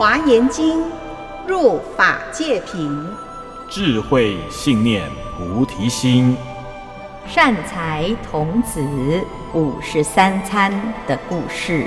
華嚴經入法界品，智慧信念菩提心，善財童子五十三參的故事。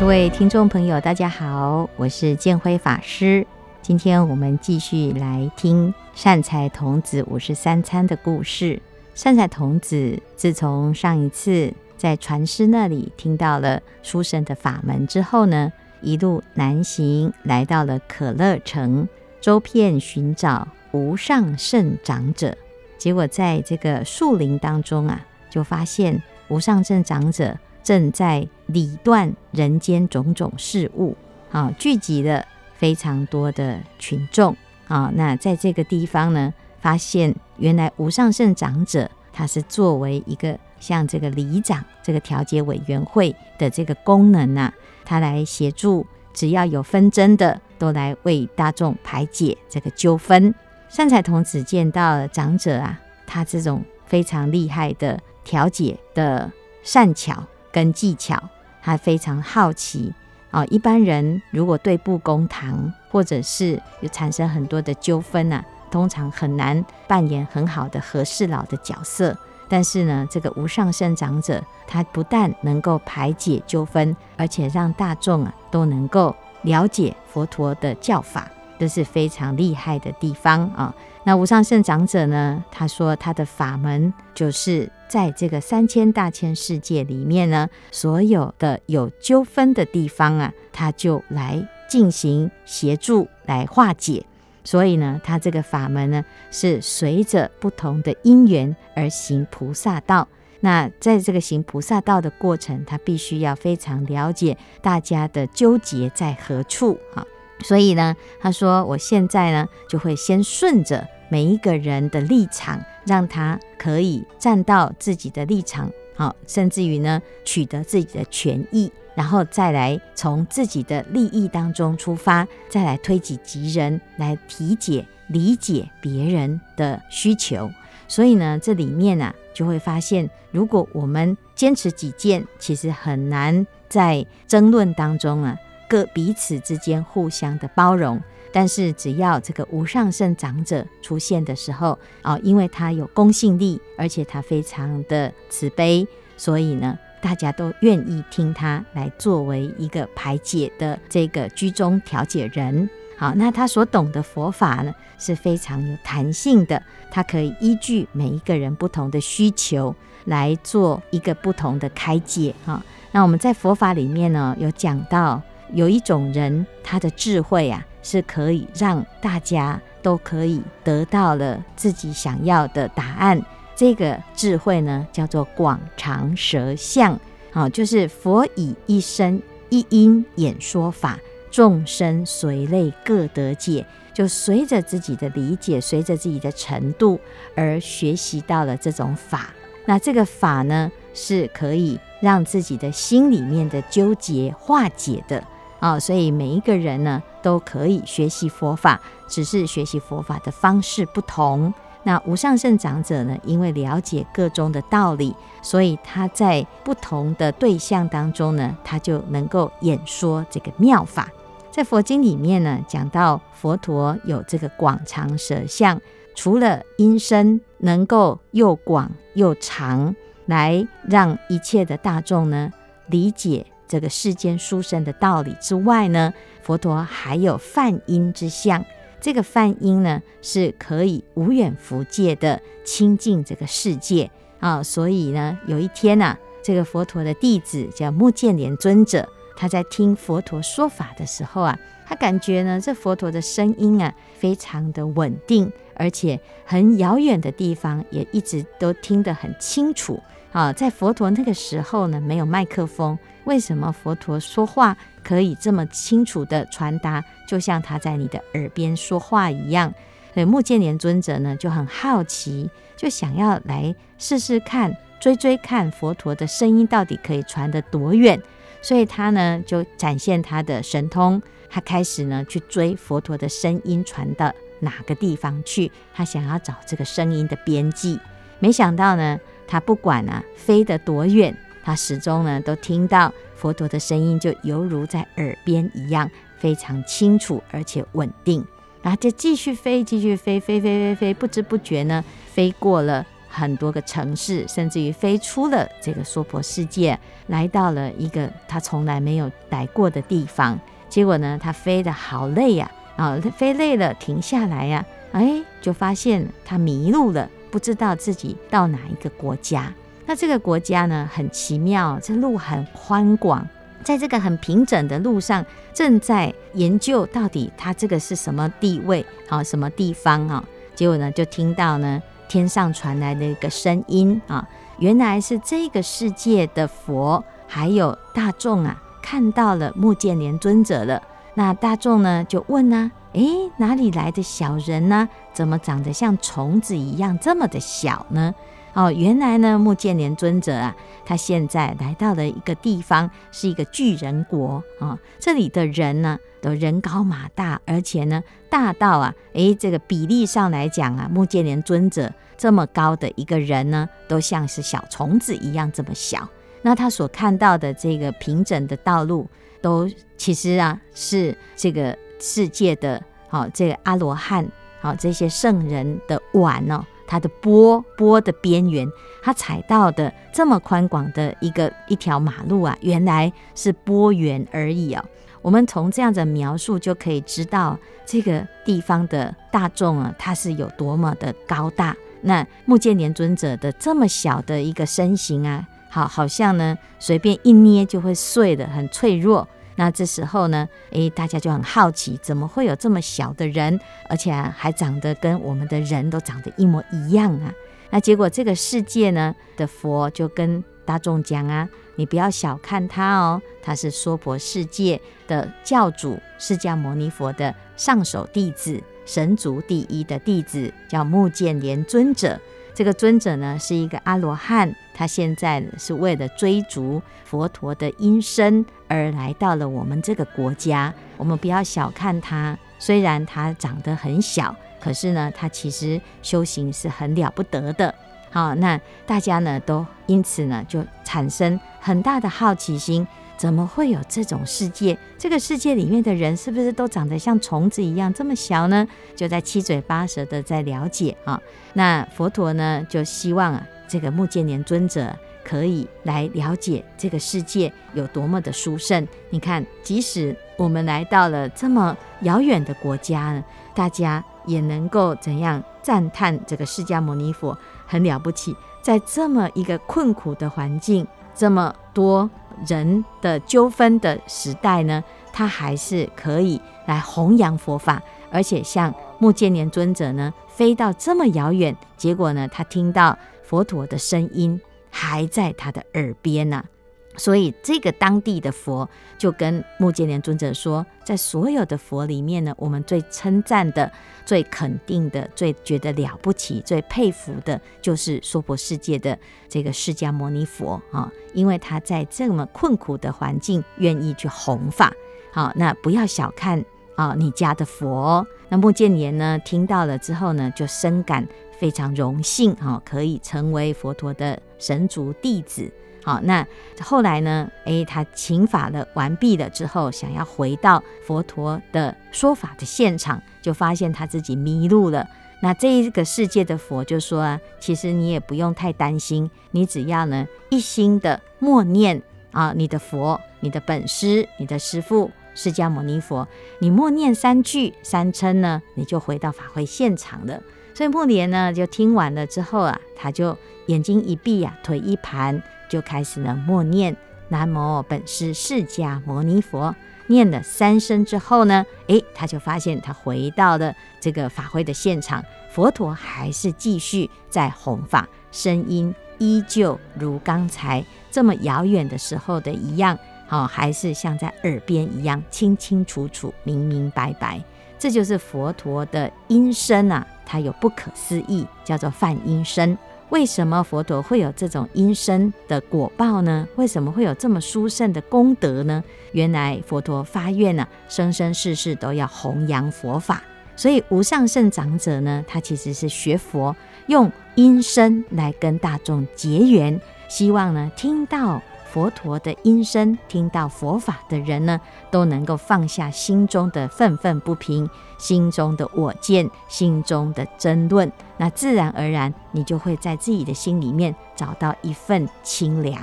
各位聽眾朋友，大家好，我是見輝法師。今天我們繼續來聽善財童子五十三參的故事。善財童子自從上一次在船師那裡聽到了書生的法門之後呢，一路南行，來到了可樂城周邊尋找無上勝長者。結果在這個樹林當中啊，就發現無上勝長者正在理斷人間種種事物，啊，聚集了非常多的群眾啊。那在這個地方呢，發現。原來無上勝長者，他是作為一個像這個里長、這個調解委員會的這個功能啊，他來協助，只要有紛爭的，都來為大眾排解這個糾紛。善財童子見到了長者啊，他這種非常厲害的調解的善巧跟技巧，他非常好奇啊，哦。一般人如果對簿公堂，或者是有產生很多的糾紛啊。通常很難扮演很好的和事佬的角色，但是呢，這個無上勝長者，他不但能夠排解糾紛，而且讓大眾啊都能夠了解佛陀的教法，這是非常厲害的地方啊。那無上勝長者呢，他說他的法門就是在這個三千大千世界裡面呢，所有的有糾紛的地方啊，他就來進行協助來化解。所以呢，他這個法門呢，是隨着不同的因緣而行菩薩道。那在這個行菩薩道的過程，他必須要非常了解大家的糾結在何處啊。所以呢，他說我現在呢，就會先順着每一個人的立場，讓他可以站到自己的立場，好，甚至於呢，取得自己的權益。然後再來從自己的利益當中出發，再來推己及，及人，來體解理解別人的需求。所以呢，這裡面呢、啊，就會發現，如果我們堅持己見，其實很難在爭論當中啊，各彼此之間互相的包容。但是，只要這個無上勝長者出現的時候，哦，因為他有公信力，而且他非常的慈悲，所以呢。大家都願意聽他來作為一個排解的這個居中調解人。好，那他所懂的佛法呢，是非常有彈性的，他可以依據每一個人不同的需求來做一個不同的開解。啊，那我們在佛法裡面呢，有講到有一種人，他的智慧啊，是可以讓大家都可以得到了自己想要的答案。這個智慧呢，叫做廣長舌相，哦，就是佛以一生一音演說法，眾生隨類各得解，就隨着自己的理解，隨着自己的程度而學習到了這種法。那這個法呢，是可以讓自己的心裡面的糾結化解的啊，哦，所以每一個人呢都可以學習佛法，只是學習佛法的方式不同。那無上勝長者呢，因為了解個中的道理，所以他在不同的對象當中呢，他就能夠演說這個妙法。在佛經裡面呢，講到佛陀有這個廣長舌相，除了音聲能夠又廣又長，來讓一切的大眾呢理解這個世間書生的道理之外呢，佛陀還有梵音之相。這個梵音呢，是可以無遠弗屆，的親近這個世界啊、哦，所以呢，有一天呢、啊，這個佛陀的弟子叫目犍連尊者，他在聽佛陀說法的時候啊，他感覺呢，這佛陀的聲音啊，非常的穩定，而且很遙遠的地方也一直都聽得很清楚啊、哦，在佛陀那個時候呢，沒有麥克風。為什麼佛陀說話可以這麼清楚地傳達，就像他在你的耳邊說話一樣？所以目犍連尊者呢，就很好奇，就想要來試試看，追追看佛陀的聲音到底可以傳得多遠。所以他呢，就展現他的神通，他開始呢去追佛陀的聲音傳到哪個地方去，他想要找這個聲音的邊際。沒想到呢，他不管啊飛得多遠。他始終呢都聽到佛陀的聲音，就猶如在耳邊一樣，非常清楚而且穩定。然後就繼續飛，繼續飛，飛飛飛飛，不知不覺呢飛過了很多個城市，甚至於飛出了這個娑婆世界，來到了一個他從來沒有來過的地方。結果呢，他飛得好累呀，啊，飛累了停下來呀、啊，哎，就發現他迷路了，不知道自己到哪一個國家。那這個國家呢，很奇妙，這路很寬廣，在這個很平整的路上，正在研究到底它這個是什麼地位，什麼地方啊？結果呢，就聽到呢天上傳來的一個聲音啊，原來是這個世界的佛還有大眾啊，看到了目犍連尊者了。那大眾呢就問呢，啊，誒，哪裡來的小人呢？怎麼長得像蟲子一樣這麼的小呢？哦，原來呢，目犍連尊者啊，他現在來到了一個地方，是一個巨人國啊、哦。這裡的人呢，都人高馬大，而且呢，大到啊，哎，這個比例上來講啊，目犍連尊者這麼高的一個人呢，都像是小蟲子一樣這麼小。那他所看到的這個平整的道路，都其實啊，是這個世界的，好、哦，這個阿羅漢，好、哦，這些聖人的碗哦。它的波波的邊緣，它踩到的這麼寬廣的一個一條馬路啊，原來是波緣而已啊、哦。我們從這樣的描述就可以知道這個地方的大眾啊，它是有多麼的高大。那目犍連尊者的這麼小的一個身形啊，好，好像呢，隨便一捏就會碎的，很脆弱。那這時候呢，誒，大家就很好奇，怎麼會有這麼小的人，而且啊，還長得跟我們的人都長得一模一樣啊？那結果這個世界呢的佛就跟大眾講啊，你不要小看他哦，他是娑婆世界的教主釋迦牟尼佛的上首弟子，神足第一的弟子，叫目犍連尊者。這個尊者呢，是一個阿羅漢，他現在是為了追逐佛陀的音聲而來到了我們這個國家。我們不要小看他，雖然他長得很小，可是呢，他其實修行是很了不得的。好、哦，那大家呢都因此呢就產生很大的好奇心。怎麼會有這種世界？這個世界裡面的人是不是都長得像蟲子一樣這麼小呢？就在七嘴八舌的在了解啊。那佛陀呢，就希望啊這個目犍連尊者可以來了解這個世界有多麼的殊勝。你看，即使我們來到了這麼遙遠的國家呢，大家也能夠怎樣讚歎這個釋迦牟尼佛很了不起，在這麼一個困苦的環境，這麼多。人的糾紛的時代呢，他還是可以來弘揚佛法，而且像目犍連尊者呢，飛到這麼遙遠，結果呢，他聽到佛陀的聲音還在他的耳邊呢、啊。所以，這個當地的佛就跟目犍連尊者說，在所有的佛裡面呢，我們最稱讚的、最肯定的、最覺得了不起、最佩服的，就是娑婆世界的這個釋迦牟尼佛啊、哦，因為他在這麼困苦的環境，願意去弘法。好、哦，那不要小看啊、哦，你家的佛、哦。那目犍連呢，聽到了之後呢，就深感非常榮幸哈、哦，可以成為佛陀的神足弟子。好，那後來呢？誒，他請法了，完畢了之後，想要回到佛陀的說法的現場，就發現他自己迷路了。那這一個世界的佛就說啊：“其實你也不用太擔心，你只要呢一心的默念啊，你的佛、你的本師、你的師父釋迦牟尼佛，你默念三句三稱呢，你就回到法會現場了。”所以目連呢，就聽完了之後啊，他就眼睛一閉啊，腿一盤，就開始呢默念南無本師釋迦牟尼佛。念了三聲之後呢，哎，他就發現他回到了這個法會的現場，佛陀還是繼續在弘法，聲音依舊如剛才這麼遙遠的時候的一樣，好、哦，還是像在耳邊一樣清清楚楚、明明白白。這就是佛陀的音聲啊。他有不可思議，叫做梵音聲。為什麼佛陀會有這種音聲的果報呢？為什麼會有這麼殊勝的功德呢？原來佛陀發願呢、啊，生生世世都要弘揚佛法。所以無上勝長者呢，他其實是學佛，用音聲來跟大眾結緣，希望呢聽到。佛陀的音聲，聽到佛法的人呢，都能夠放下心中的憤憤不平，心中的我見，心中的爭論。那自然而然，你就會在自己的心裡面找到一份清涼。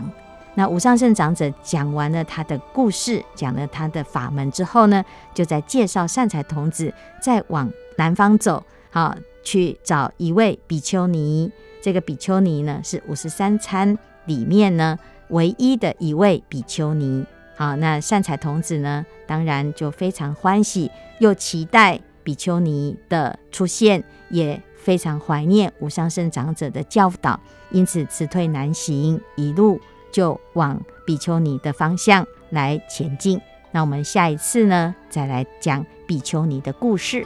那無上勝長者講完了他的故事，講了他的法門之後呢，就在介紹善財童子再往南方走，好去找一位比丘尼。這個比丘尼呢，是五十三參裡面呢。唯一的一位比丘尼，好，那善財童子呢，當然就非常歡喜，又期待比丘尼的出現，也非常懷念無上勝長者的教導，因此辭退南行，一路就往比丘尼的方向來前進。那我們下一次呢，再來講比丘尼的故事。